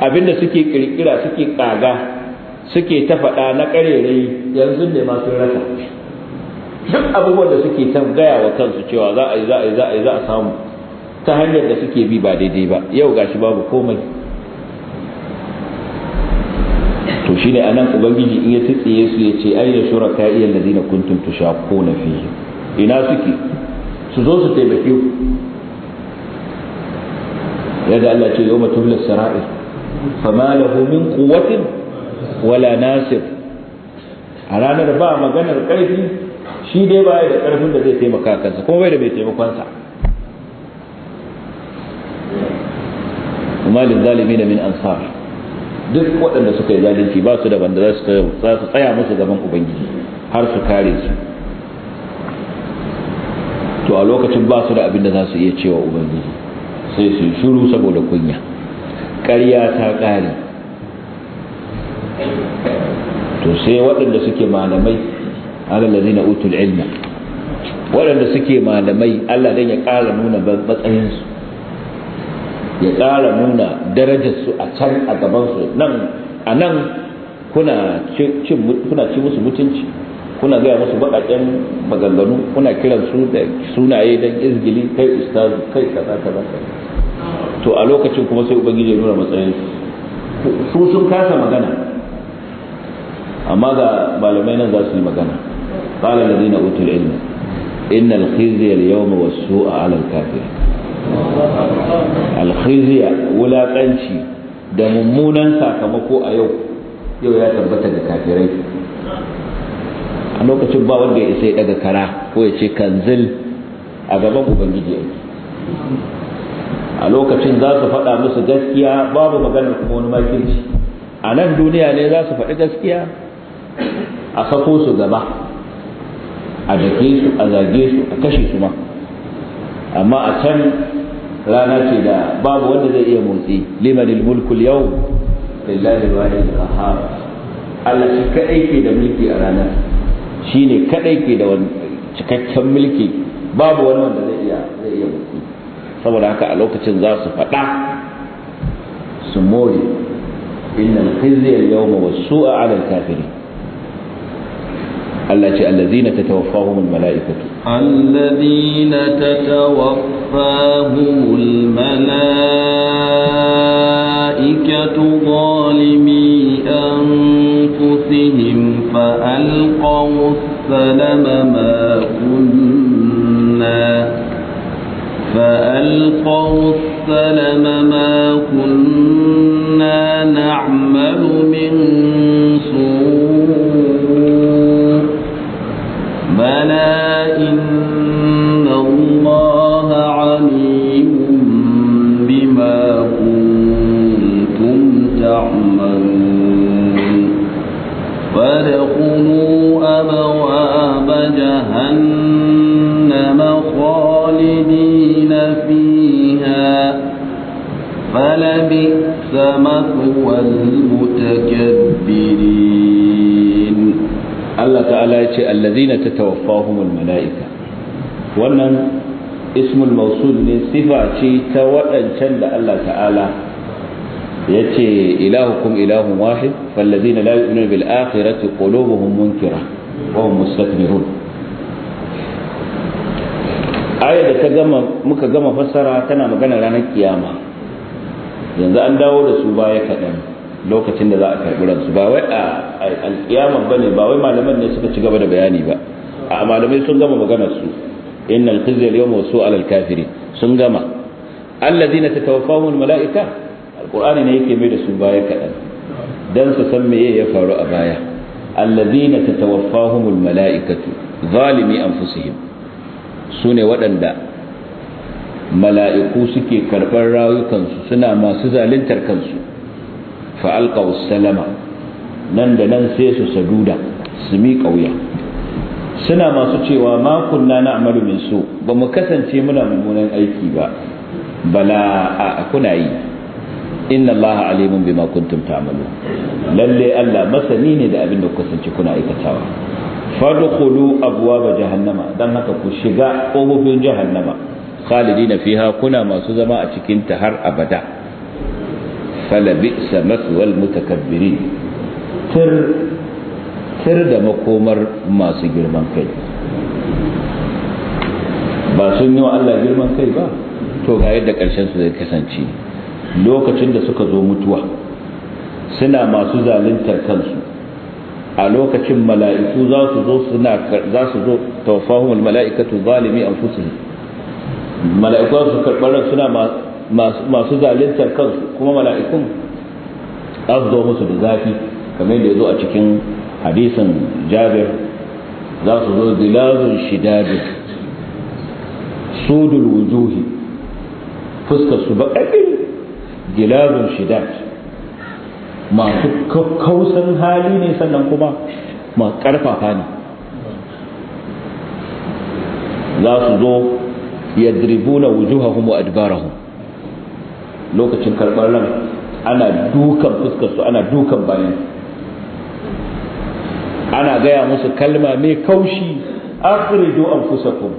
A: abinda suke kirkira suke kaga suke ta faɗa na ƙarerai yanzu ne ma sun rasa duk abubuwan da suke ta gaya wa kansu cewa za a yi za a yi za a yi za a samu ta hanyar da suke bi ba daidai ba yau gashi babu komai to shine anan ubangiji in ya tsitsiye su ya ce ayyana shuraka iya ladina kuntum tushaquna fi ina suke su zo su taimake ku yadda Allah ce yau mutum sara'ir fama lahu min quwwatin wala nasir a ranar ba maganar ƙarfi shi dai ba da ƙarfin da zai taimaka kansa kuma bai da mai taimakonsa kuma lil zalimin min ansar duk waɗanda suka yi zalunci ba su da banda za su tsaya musu gaban ubangiji har su kare su to a lokacin ba su da abin da za su iya cewa ubangiji sai su yi shiru saboda kunya ƙarya ta ƙare to sai waɗanda suke malamai alalazi na utul ilma waɗanda suke malamai Allah dan ya ƙara nuna matsayinsu ya ƙara nuna darajarsu a can a gabansu nan a nan kuna ci musu mutunci kuna gaya musu baƙaƙen maganganu kuna kiransu da sunaye don izgili kai ustazu kai kaza kaza kaza to a lokacin kuma sai ubangiji ya nuna matsayin su sun kasa magana amma ga malamai nan za su yi magana qala ladina utul ilma inna al-khizya al-yawma was-su'a 'ala al-kafir al-khizya wulaƙanci da mummunan sakamako a yau yau ya tabbata ga kafirai a lokacin ba wanda ya isa ya daga kara ko ya ce kanzil a gaban ubangiji yake a lokacin za su faɗa musu gaskiya babu maganar kuma wani makirci a nan duniya ne za su faɗi gaskiya a sako su gaba a dake su a zage su a kashe su ma amma a can rana ce da babu wanda zai iya motsi limanil mulkul yau lillahi wahid qahhar Allah shi kadai ke da mulki a ranar shine kadai ke da cikakken mulki babu wani wanda zai iya zai iya motsi saboda haka a lokacin za su faɗa su more innal khizya yawma was-su'a 'ala al-kafirin Allah ce allazina al mala'ikatu
B: allazina tatawaffahum al mala'ikatu zalimi anfusihim fa alqaw salama ma فألقوا السلم ما كنا نعمل من سوء بلى إن
A: tawaffahumul mala'ika wannan ismul mausul ne sifa ce ta waɗancan da Allah ta'ala ya ce ilahukum ilahun wahid fallazina la yu'minu bil akhirati qulubuhum munkira wa hum mustakbirun ayar da ta gama muka gama fassara tana magana ranar kiyama yanzu an dawo da su baya kaɗan lokacin da za a karɓi ransu ba wai a ba ne ba wai malaman ne suka ci gaba da bayani ba a malamai sun gama maganar su innal khizya al-yawma wa su'al al-kafirin sun gama alladhina tatawaffahum al-mala'ika alqur'ani ne yake mai da su baya kadan dan su san meye ya faru a baya alladhina tatawaffahum al-mala'ikatu zalimi anfusihim sune waɗanda mala'iku suke karɓar rayukansu suna masu zaluntar kansu fa'alƙa salama nan da nan sai su saduda su mi ƙauya suna masu cewa ma na na'malu min su ba mu kasance muna mummunan aiki ba bala a kuna yi inna Allah alimun bima kuntum ta'malu lalle Allah masani ne da abin da ku kasance kuna aikatawa fadkhulu abwaaba jahannama dan haka ku shiga kofofin jahannama khalidina fiha kuna masu zama a cikin ta har abada fala bi'sa maswal mutakabbirin tir da makomar masu girman kai ba sun yi wa Allah girman kai ba to ga yadda ƙarshen su zai kasance lokacin da suka zo mutuwa suna masu zaluntar kansu a lokacin mala'iku za su zo suna za su zo tawaffahumul mala'ikatu zalimi anfusihim mala'iku su karɓar suna masu zaluntar kansu kuma mala'ikun za su zo musu da zafi kamar yadda ya zo a cikin hadisin jabir za su zo zilazun shidadin sudul wujuhi fuskar su baƙaƙin gilazun shidad masu kausan hali ne sannan kuma masu ƙarfafa ne za su zo yadribuna wujuhahum wa adbarahum lokacin karɓar ran ana dukan fuskar su ana dukan bayan ana gaya musu kalma mai kaushi akhrijo anfusakum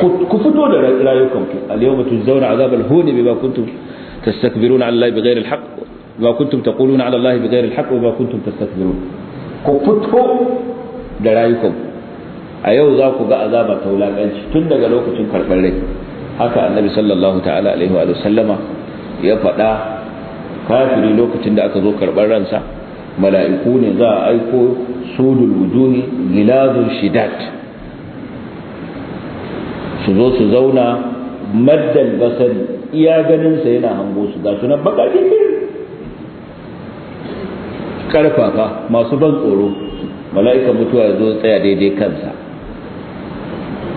A: ku fito da rayukanku al-yawma tujzauna azab al-hun bima kuntum tastakbiruna 'ala Allahi bighayri al-haqq wa kuntum taquluna 'ala Allahi bighayri al-haqq wa kuntum tastakbirun ku fito da rayukanku a yau za ku ga azaba ta wulaƙanci tun daga lokacin karɓar rai haka annabi sallallahu ta'ala alaihi wa sallama ya faɗa kafiri lokacin da aka zo karɓar ransa mala'iku ne za a aiko sudul wujuhi gilazul shidat su zo su zauna maddal basari iya ganinsa yana hango su na baka, bakakin karfafa masu ban tsoro mala'ikan mutuwa ya zo tsaya daidai kansa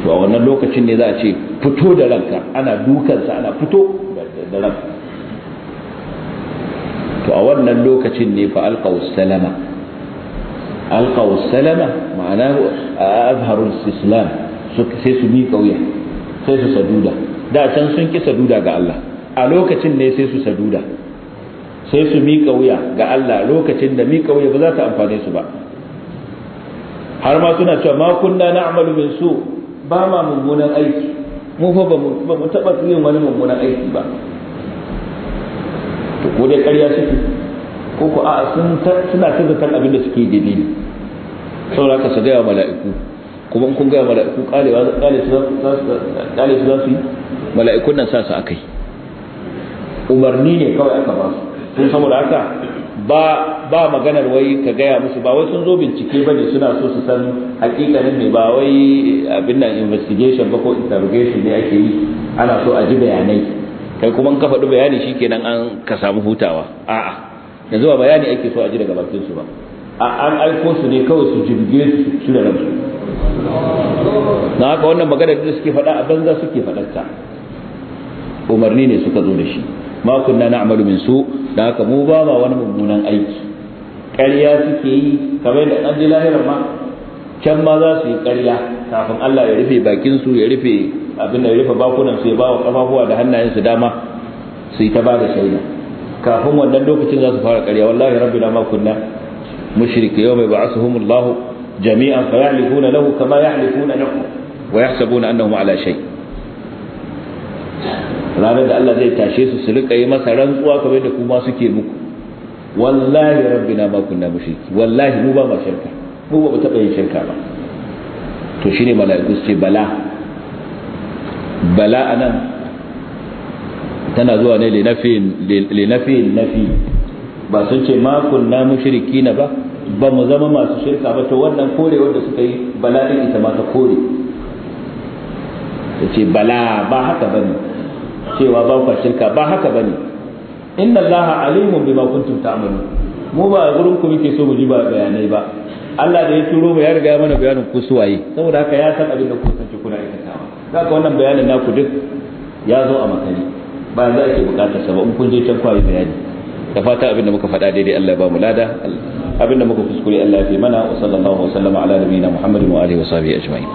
A: to a wannan lokacin ne za a ce fito da ranka ana dukansa ana fito da ranka to a wannan lokacin ne fa alqaw salama alqaw salama ma'ana azharu islam sai su bi kauya sai su saduda da can sun ki saduda ga Allah a lokacin ne sai su saduda sai su miƙa wuya ga Allah lokacin da miƙa wuya ba za ta amfane su ba har ma suna cewa ma kunna na'malu min su ba ma mummunan aiki mu fa ba mu taɓa yin wani mummunan aiki ba to ko dai ƙarya suke ko ko a'a sun suna ta zaton abin da suke daidai saboda ka su gaya mala'iku kuma kun gaya mala'iku kalewa kale su za su yi mala'ikun nan sa su akai umarni ne kawai aka ba su sun saboda haka ba ba maganar wai ka gaya musu ba wai sun zo bincike bane suna so su san hakikanin ne ba wai abin nan investigation ba ko interrogation ne ake yi ana so a ji bayanai kai kuma ka kafa bayani kenan an ka samu hutawa a'a yanzu ba bayani ake so a ji daga bakin su ba an aiko su ne kawai su jirge su da ransu na haka wannan magana da suke faɗa a banza suke faɗarta umarni ne suka zo da shi ma kunna na'malu min su da haka mu ba ma wani mummunan aiki ƙarya suke yi kamar da an ji lahirar ma can ma za su yi ƙarya kafin Allah ya rufe bakin su ya rufe abin da rufe bakunan su ya ba wa kafafuwa da hannayensu dama su yi ta ba da shaida kafin wannan lokacin za su fara karya, wallahi rabbina ma kunna mushrik yawma yub'athuhumullahu jami'an fa yahlifuna lahu kama yahlifuna lakum wa yahsabuna annahum ala shay ranar da Allah zai tashe su su rika yi masa rantsuwa kamar da kuma suke muku wallahi rabbina ma kunna mushriki wallahi mu ba ma shirka mu ba mu taba yin shirka ba to shine mala'iku su ce bala bala anan tana zuwa ne linafiyin nafi ba sun ce makon na shiriki na ba ba mu zama masu shirka ba to wannan kore wanda suka yi bala din ita ma ta kore ta ce bala ba haka bane cewa ba ku shirka ba haka bane inna allaha alimun bima kuntum ta'malun mu ba gurin ku muke so mu ji ba bayanai ba Allah da ya turo mu ya riga mana bayanin ku suwaye saboda haka ya san abin da ku san zaka wannan bayanin naku duk ya zo a makari ba za a bukatar sa ba in kun je can kwayi bayani da fata abinda muka faɗa daidai Allah ya ba mu lada abinda muka kuskure Allah ya fi mana wa sallallahu wa sallama ala nabiyina Muhammadin wa alihi wa sahbihi ajma'in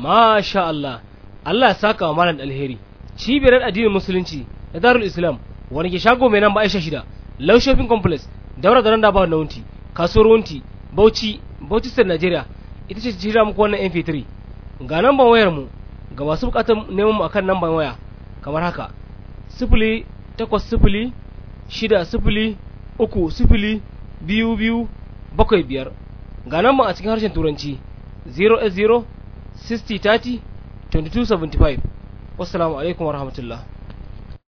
C: masha
A: Allah Allah ya saka wa malam alheri cibiyar addinin musulunci da darul islam wani ke shago mai nan ba aisha shida law shopping complex daura da randa ba na wunti kasuwar wunti bauchi bauchi sir nigeria ita ce jira muku wannan mp3 ga namban wayar mu ga masu bukatar neman mu akan namban waya kamar haka sifili takwas sifili shida sifili uku sifili biyu biyar ga namban a cikin harshen turanci 0 0 wasu alaikum wa rahmatullah